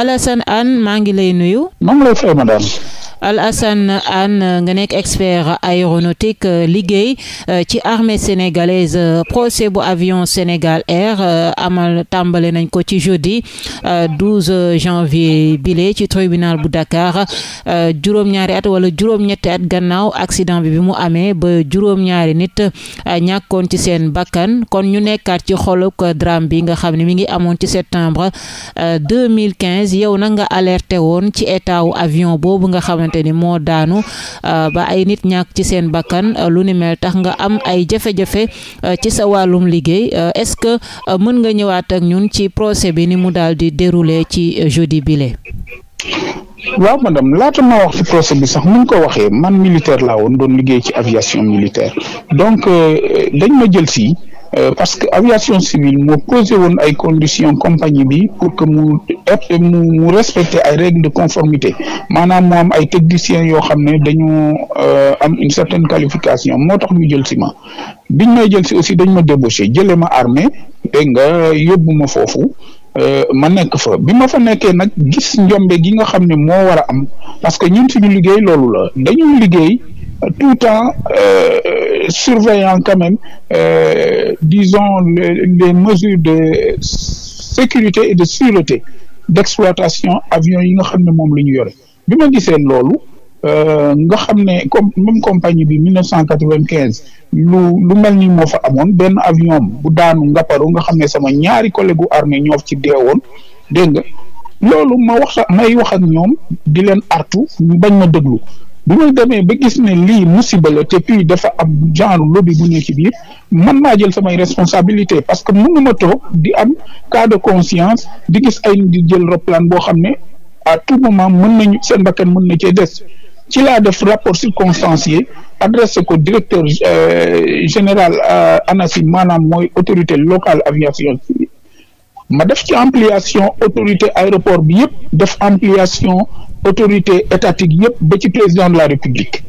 Alassane Hann maa ngi lay nuyu. maa ngi lay fay madame. Alassane Hann nga nekk expert aéronautique euh, liggéey euh, ci armée sénégalaise euh, procès bu avion Sénégal Air amal tàmbale nañ ko ci jeudi 12 janvier bile ci tribunal bu Dakar juróom-ñaari at wala juróom-ñetti at gannaaw accident bi bi mu amee ba juróom-ñaari nit ñàkkoon ci seen bakkan kon ñu nekkaat ci xoluk drame bi nga xam ne mi ngi amoon ci septembre 2015 yow na nga alerté woon ci état wu avion boobu nga xam xamante ni moo daanu euh, ba ay nit ñàkk ci seen bakkan euh, lu ni mel tax nga am ay jafe-jafe euh, ci sa wàllum liggéey est-ce que mën nga ñëwaat ak ñun ci procès bi ni mu daal di dérouler ci jeudi bile. waaw madame laata ma wax ci procès bi sax ni ñu ko waxee man militaire laa woon doon liggéey ci aviation militaire donc dañ ma jël Euh, parce que aviation civile moo posé woon ay conditions compagnie bi pour que mu mu mu respecter ay règles de conformité maanaam mu am ay techniciens yoo xam ne dañu euh, am une certaine qualification moo tax ñu jël si ma biñ may jël si aussi dañ ma débauché jëlee ma armée dégg nga yóbbu ma foofu. Euh, ma nekk fa bi ma fa nekkee nag gis njombe gi nga xam ne moo war a am parce que ñun si suñu liggéey loolu la dañuy liggéey tout en euh, surveillant quand même, euh, disons, le, les mesures de sécurité et de sûreté d'exploitation avions yi nga xam ne moom la ñu yore bi ma gisee loolu euh, nga xam ne comme même compagnie bi 1995 lu lu mel ni moo fa amoon benn avion bu daanu ngapparu nga xam ne sama ñaari collègue armée ñoo ci deewoon dégg nga loolu ma wax may wax ak ñoom di leen artu ñu bañ ma déglu bi ma demee ba gis ne lii musiba la te puis dafa am genre lobby bu ne ci biir man maa jël samay responsabilité parce que mënu ma toog di am cas de conscience di gis ay di jël roplaan boo xam ne à tout moment mën nañu seen bakkan mën na cee des ci laa def rapport circonstancié adressé ko directeur euh, général euh, ANACIM maanaam mooy autorité locale aviation ma def ci ampliation autorité aéroport bi yëpp def ampliation autorité étatique yëpp ba ci président de la république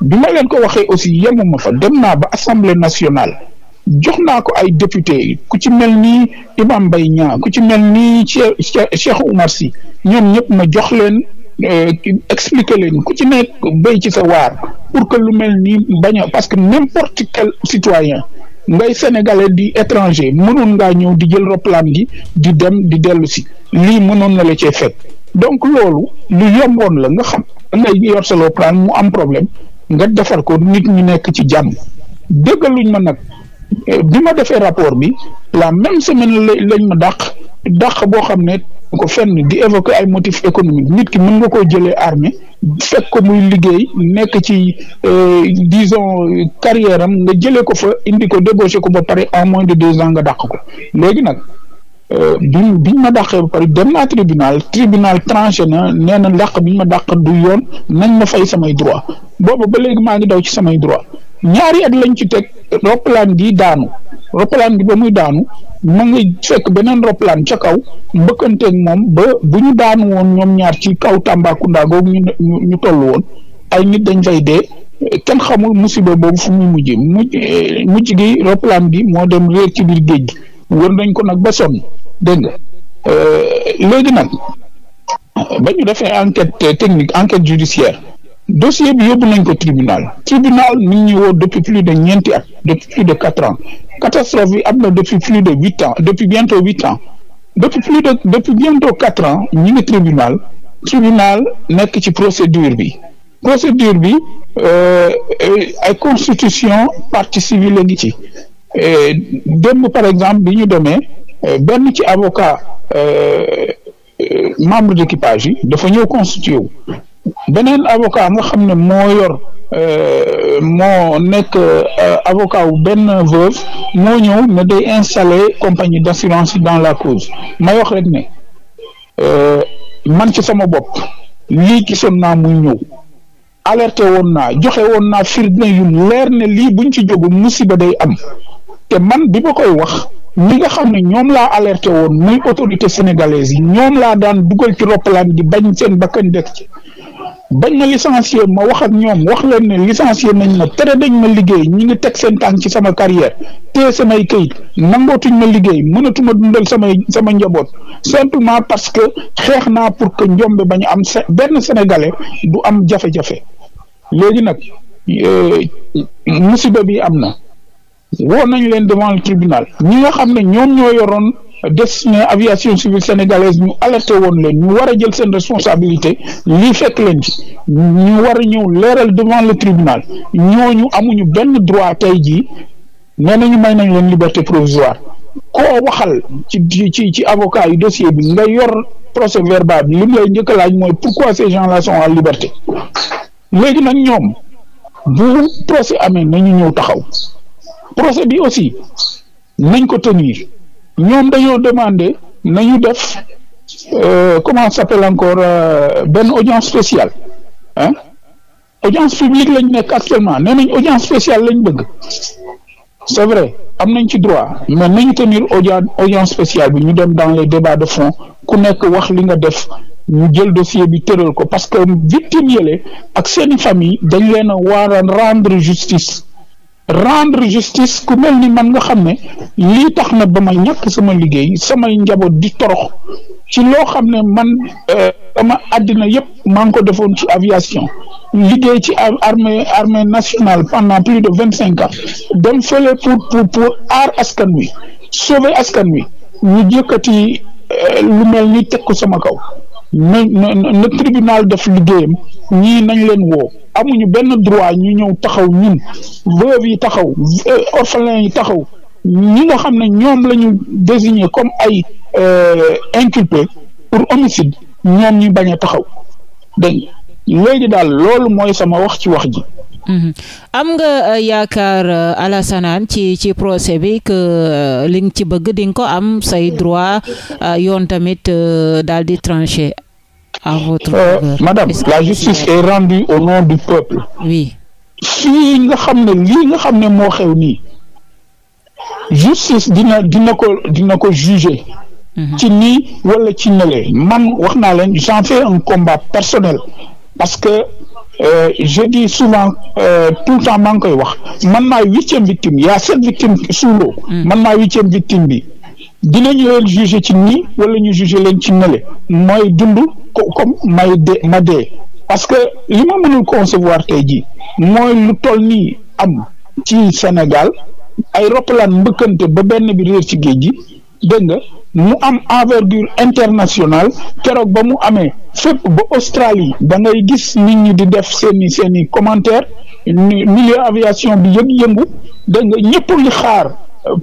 bi ma leen ko waxee aussi yemuma fa dem naa ba assemblée nationale jox naa ko ay député ku ci mel ni Imam Mbaye Niang ku ci mel ni Cheikh Oumar Sy ñoom ñëpp ma jox leen euh, expliquer leen ku ci nekk bay ci sa waar pour que lu mel ni bañ parce que n'importe quel citoyen ngay sénégalais di étranger mënoon ngaa ñëw di jël roplaan gi di dem di dellu si lii mënoon na la cee fekk donc loolu lu yomboon la nga xam ngay yor sa mu am problème nga defar ko nit ñi nekk ci jàmm dëggaluñ ma nag eh, bi ma defee rapport bi la même semaine lañ ma dàq dàq boo xam ne ko fenn di évoquer ay motifs économiques nit ki mën nga koo jëlee armée fekk ko muy liggéey nekk ci euh, disons carrière am nga jëlee ko fa indi ko débauché ko ba pare en moins de deux ans nga dàq ko léegi nag euh, biñ biñ ma dàqee ba pare dem naa tribunal tribunal tranché na nee na biñ ma dàq du yoon nañ ma fay samay droit boobu ba léegi maa ngi daw ci samay droit ñaari at lañ ci teg roppalaan gi daanu roppalaan gi ba muy daanu ma ngi fekk beneen roppalaan ca kaw mbëkkanteeg moom ba bu ñu daanu woon ñoom ñaar ci kaw Tambacounda googu ñu ñu toll woon ay nit dañ fay dee kenn xamul musiba boobu fu muy mujj mujj eh, gi roppalaan bi moo dem réer ci biir géej gi wër nañ ko nag ba sonn dégg nga eh, léegi nag ba ñu defee enquête technique enquête judiciaire dossier bi yóbbu nañ ko tribunal tribunal mi ngi ñëwoo depuis plus de ñeenti at depuis plus de quatre ans catastrophe bi am na depuis plus de huit ans depuis bientôt huit ans depuis plus de depuis bientôt quatre ans ñu ngi tribunal tribunal nekk ci procédure bi procédure bi euh, euh, ay constitution partie civile ngi ci démb par exemple bi ñu demee euh, benn ci avocat membre d'équipage yi dafa ñëw constitué wu beneen avocat nga xam ne moo yor moo nekk euh, avocat wu benn veuve moo ñëw ne day installer compagnie d'assurance dans la cause may wax rek ne euh, man ci sama bopp lii gisoon naa muy ñëw alerte woon naa joxe woon naa firnde yu leer ne lii buñ ci jógu musiba day am te man bi ma koy wax ñi nga xam ne ñoom laa alerte woon muy autorité sénégalaise yi ñoom laa daan dugal ci roppalaan di bañ seen bakkan def ci bañ na licencié ma wax ak ñoom wax leen ne licencié nañ ma tere dañ ma liggéey ñi ngi teg seen tànk ci sama carrière te samay këyit nangootuñ ma liggéey mënatuma dundal samay sama njaboot simplement parce que xeex naa pour que njombe bañ am benn sénégalais du am jafe-jafe léegi nag euh, musiba bi am na woo nañ leen devant le tribunal ñi nga xam ne ñoom ñoo yoroon des na aviation civile sénégalaise ñu alerté woon leen ñu war a jël seen responsabilité lii fekk leen ci ñu war a ñëw leeral devant le tribunal ñooñu amuñu benn droit tey jii nee nañu may nañ leen liberté provisoire koo waxal ci ci ci avocat yu dossier bi nga yor procès verbal bi li mu lay njëkk a laaj mooy pourquoi ces gens là sont en liberté léegi nag ñoom bu procès amee nañu ñëw taxaw procès bi aussi nañ ko tenir ñoom dañoo demander nañu def euh, comment s'appelle encore euh, benn audience spéciale ah audience publique lañ nekk actuellement nee nañ audience spéciale lañ bëgg c'est vrai am nañ ci droit mais nañu tenir audience audience spéciale bi ñu dem dans les débats de fond ku nekk wax li nga def ñu jël dossier bi tëral ko parce que victime yële ak seeni famille dañ leen a war rendre justice rendre justice ku mel ni man nga xam ne lii tax na ba ma ñàkk sama liggéey samay njaboot di torox ci loo xam ne man euh, sama àddina yëpp maa ngi ko defoon ci aviation liggéey ci armée armée nationale pendant plus de vingt cinq ans dem fële pour pour aar askan wi sauver askan wi ñu jëkkati euh, lu mel ni teg ko sama kaw na na na tribunal def liggéeyam ñii nañ leen woo amuñu benn droit ñu ñëw taxaw ñun veuve yi taxaw euh, orphelin yi taxaw ñi nga xam ne ñoom lañu ñu désigné comme ay euh, inculpé pour homicide ñoom ñu bañ taxaw dégg léegi daal loolu mooy sama wax ci wax ji. Mm-hmm. am nga euh, yaakaar Alassane ci ci procès bi que li nga ci bëgg di nga ko am say droit yoon tamit daal di tranché. en euh, votre faveur. madame la justice est rendue au nom du peuple. fii nga xam ne lii nga xam ne moo xew nii justice dina dina ko dina ko juger. Mhm. ci nii wala ci nële man wax naa leen j'en fais un combat personnel parce que euh, je dis souvent euh, tout le temps maa ngi koy wax man maay huitième victime y a sept victimes sous l'eau mhm. man maay huitième victime bi dinañu leen juger ci nii wala ñu juger leen ci nële mooy dund comme may de ma dee parce que li ma mënul concevoir tey jii mooy lu toll nii am ci Sénégal ay roppalaan mbëkkante ba benn bi réer ci géej gi dégg nga mu am envergure internationale keroog ba mu amee fépp ba Australie da ngay gis nit ñi di def seeni seeni commentaire milieu aviation bi yëg yëngu dégg nga ñëpp li xaar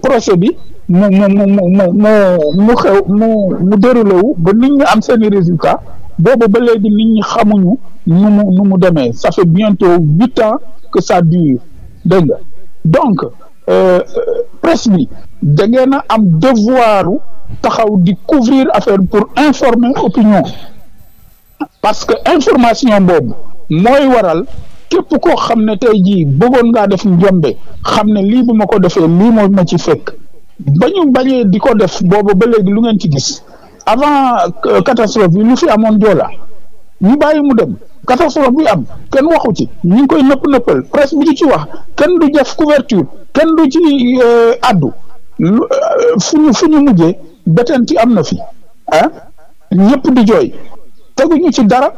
procès bi mu mu mu mu mu mu xew mu mu déroulé ba nit ñi am seeni résultat boobu ba léegi nit ñi xamuñu nu mu nu mu demee ça fait bientôt huit ans que ça dure dégg nga donc euh, euh presse bi da ngeen a am devoiru taxaw di couvrir affaire pour informer opinion parce que information boobu mooy waral képp koo xam ne tey jii bëggoon ngaa def njombe xam ne lii bu ma ko defee lii moo ma ci fekk ba ñu bañee di ko def boobu ba léegi lu ngeen ci gis avant euh, catastrophe bi lu fi amoon Joola ñu bàyyi mu dem catastrophe bi am kenn waxu ci ñu ngi koy nëpp nëppal presse bi di ci wax kenn du def couverture kenn du ci euh, addu euh, fu ñu fu ñu mujjee ci am na fi ah ñëpp di jooy teguñu ci dara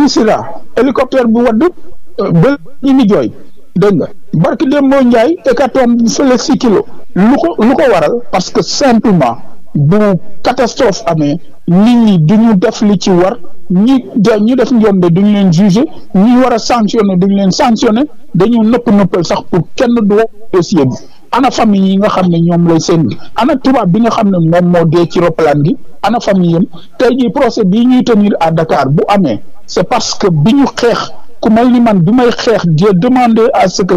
misira hélicoptère bi wadd ba ñu ni jooy dégg nga barki démboo Njaay hécatombe fële si kilo lu ko lu ko waral parce que simplement bu catastrophe amee nit ñi duñu def li ci war ñi de ñu def njombe duñu leen juger ñi war a sanctionné duñu leen sanctionné dañu nëpp nëppal sax pour kenn du dossier bi ana famille yi nga xam ne ñoom lay seen ana tubaab bi nga xam ne moom moo dee ci roppalaan gi ana famille yam tey jii procès bii ñuy tenir à Dakar bu amee c'est parce que bi ñu xeex ku mel ni man bi may xeex j'ai demandé à ce que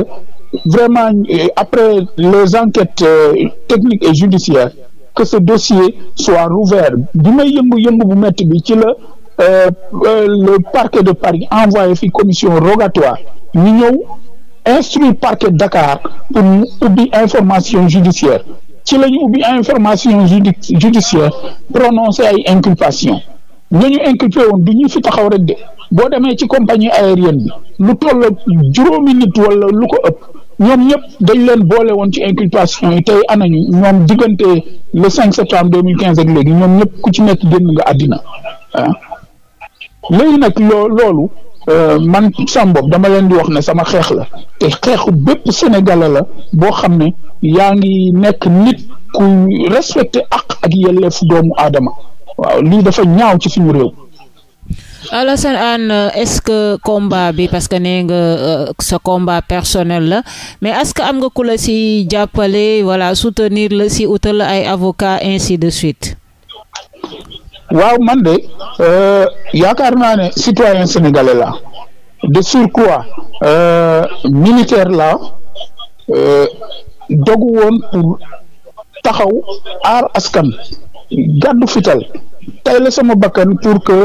vraiment après les enquêtes euh, techniques et judiciaires que ce dossier soit rouvert bi may yëngu-yëngu bu métti bi ci la euh, euh, le parquet de Paris envoyé fi commission rogatoire ñu ñëw instruit parquet Dakar pour mu ubbi information judiciaire ci la ñu ubbi information judi judiciaire prononcé ay inculpation ñooñu inculpé woon du ñu fi taxaw rek de boo demee ci compagnie aérienne bi lu toll juróomi nit wala lu ko ëpp. ñoom ñëpp dañ leen boole woon ci inculpation yi tey anañu ñoom diggante le 5 septembre 2015 ak léegi ñoom ñëpp ku ci nekk génn nga àddina ah léegi nag loo loolu euh, man sama bopp dama leen di wax ne sama xeex la te xeexu bépp Sénégalais la boo xam ne yaa ngi nekk nit ku respecté ak ak yelleefu doomu aadama waaw lii dafa ñaaw ci suñu réew. Alassane Anne est-ce que combat bi parce que nee nga euh, sa combat personnel la mais est que am nga ku la si jàppale voilà soutenir la si utal la ay avocat ainsi de suite. waaw man de euh, yaakaar naa ne citoyen la de surcroît euh, militaire la dogu woon pour taxaw aar askan gàddu fital tey la sama bakkan pour que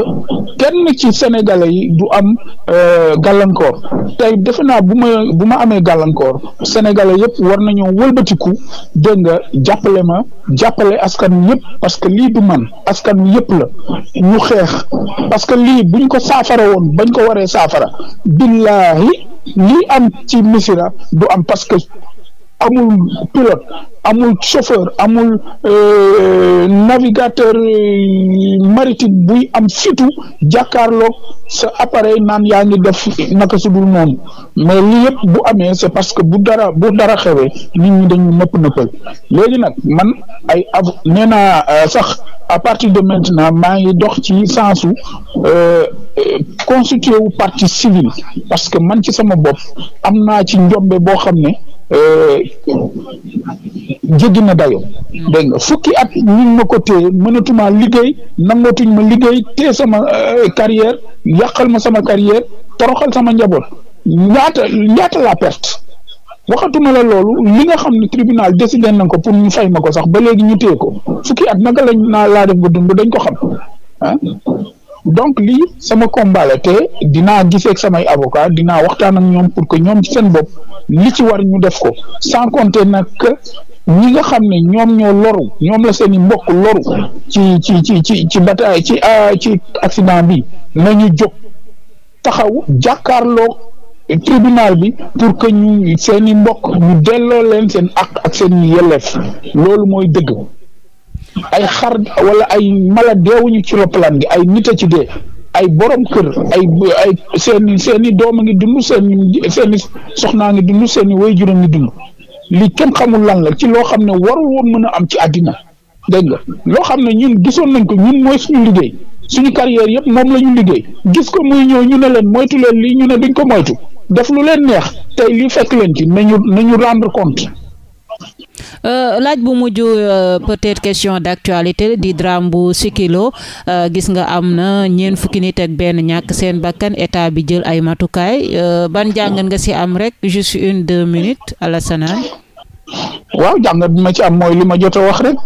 kenn ci sénégalais yi du am euh, gàllankoor tey defe naa bu ma bu ma amee gàllankoor sénégalais yëpp war nañoo wëlbatiku dégg nga jàppale ma jàppale askan wi yëpp parce que lii du man askan wi yëpp la ñu xeex parce que lii buñ ko saafara woon bañ ko waree saafara billaahi lii am ci misira du am parce que amul pilote amul chauffeur amul euh, navigateur euh, maritime buy am surtout jàkkaarloog sa appareil naan yaa ngi def naka su dul noonu mais li yëpp bu amee c'est parce que bu dara bu dara xewee nit ñi dañu nëpp nëppal léegi nag man ay ab nee euh, sax à partie de maintenant maa ngi dox ci sensu constitué wu partie civile parce que man ci sama bopp am naa ci njombe boo xam ne Euh, jéggi na dayo dégg nga fukki at ñu ma ko téye mënatuma liggéey nangootuñ ma liggéey téye sama euh, carrière yàqal ma sama carrière toroxal sama njaboot ñaata ñaata la perte waxatuma la loolu li nga xam ne tribunal décidé nañ ko pour ñu fay ma ko sax ba léegi ñu téye ko fukki at naka lañ naa laa def ba dund dañ ko xam ah donc lii sama combat te dinaa gisee ak samay avocat dinaa waxtaan ak ñoom pour que ñoom ci seen bopp li ci war ñu def ko sans compter nag ñi nga xam ne ñoom ñoo loru ñoom la seen mbokk loru ci ci ci ci ci bataay ci ah, ci accident bi nañu jóg taxaw jàkkaarloo tribunal bi pour que ñu seeni mbokk ñu delloo leen seen àq ak seen i yelleef loolu mooy dëgg ay xar wala ay mala deewuñu ci roppalaan gi ay nit a ci dee ay borom kër ay ay seen seen i doom a ngi dund seen i seen i soxnaa ngi dund seen i waajur a ngi dund li kenn xamul lan la ci loo xam ne warul woon mën a am ci àddina dégg nga loo xam ne ñun gisoon nañ ko ñun mooy suñu liggéey suñu carrière yëpp moom la ñu liggéey gis ko muy ñëw ñu ne leen moytu leen lii ñu ne duñ ko moytu def lu leen neex tey lii fekk leen ci nañu nañu rendre compte Euh, laaj bu mujj euh, peut-être question d'actualité di drame bu Sikilo euh, gis nga am na ñeent fukki nit ak benn ñàkk seen bakkan état bi jël ay matukaay ban jàngat nga ci am rek juste une deux minutes Alassane waaw jàngat bi ma ci am mooy li ma jot a wax rek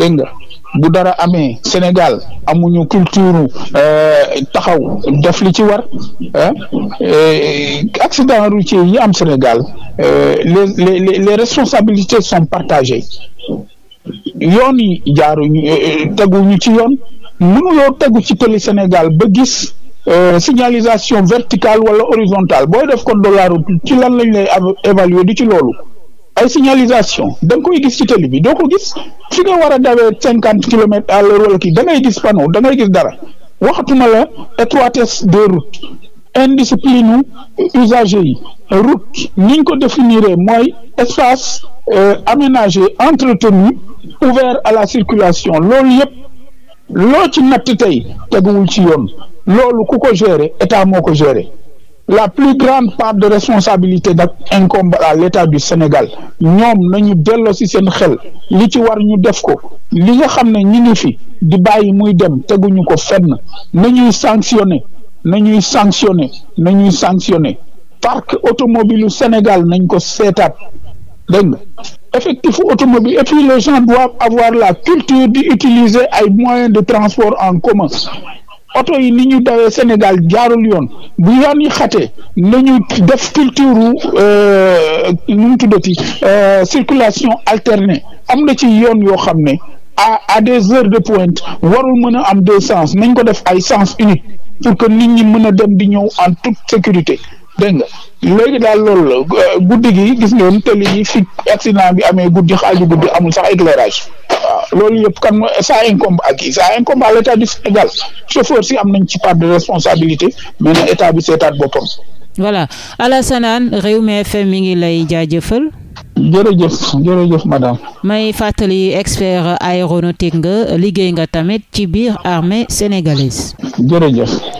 dégg nga bu dara amee Sénégal amuñu culture euh, taxaw def li ci war euh, accident routier yi am Sénégal euh, les les les responsabilités sont partagées yoon yi jaaruñu teguñu ci yoon mënuloo tegu ci télé Sénégal ba gis signalisation verticale wala horizontale booy def code de la ci lan lañ lay évaluer du ci loolu. ay signalisation da nga koy gis ci tali bi doo ko gis fi nga war a dawee cinquante kilomètres à l'heure wala kii da ngay gis panneau dangay gis dara waxatuma la étroitesse des routes indiscipline usagers yi route ni ñu ko définiree mooy espace euh, aménagé entretenu ouvert à la circulation loolu yëpp loo ci natt tey teguwul ci yoon loolu ku ko gérer état moo ko géré la plus grande part de responsabilité nag incombe à l'état du Sénégal ñoom nañu delloo ci seen xel li ci war ñu def ko li nga xam ne ñu ngi fi di bàyyi muy dem teguñu ko fenn nañuy sanctionné na ñuy nañuy sanctionné parc automobile u Sénégal nañ ko seetaat dégg nga effectif automobile et puis les gens doivent avoir la culture di utiliser ay moyens de transport en commun oto yi ni ñu dawee Sénégal jaarul yoon bu yoon yi xatee nañu def culture euh, nu mu tuddati euh, circulation alternée am na ci yoon yoo xam ne à à des heures de pointe warul mën a am deux sens nañ ko def ay sens unique pour que nit ñi mën a dem di ñëw en toute sécurité dégg nga léegi daal lool euh, guddi gi gis ngeen tëli yi fi accident bi amee guddi xaaju guddi amul sax éclairage waaw loolu yëpp kan ça incombe à qui ça incombe à l' état du Sénégal si am nañ ci part de responsabilité mais na état bi seetaat boppam. voilà Alassane Hann Rewmi FM mi ngi lay jaajëfal. jërëjëf jërëjëf madame. may fàttali expert aéronautique nga liggéey nga tamit ci biir armée sénégalaise. jërëjëf.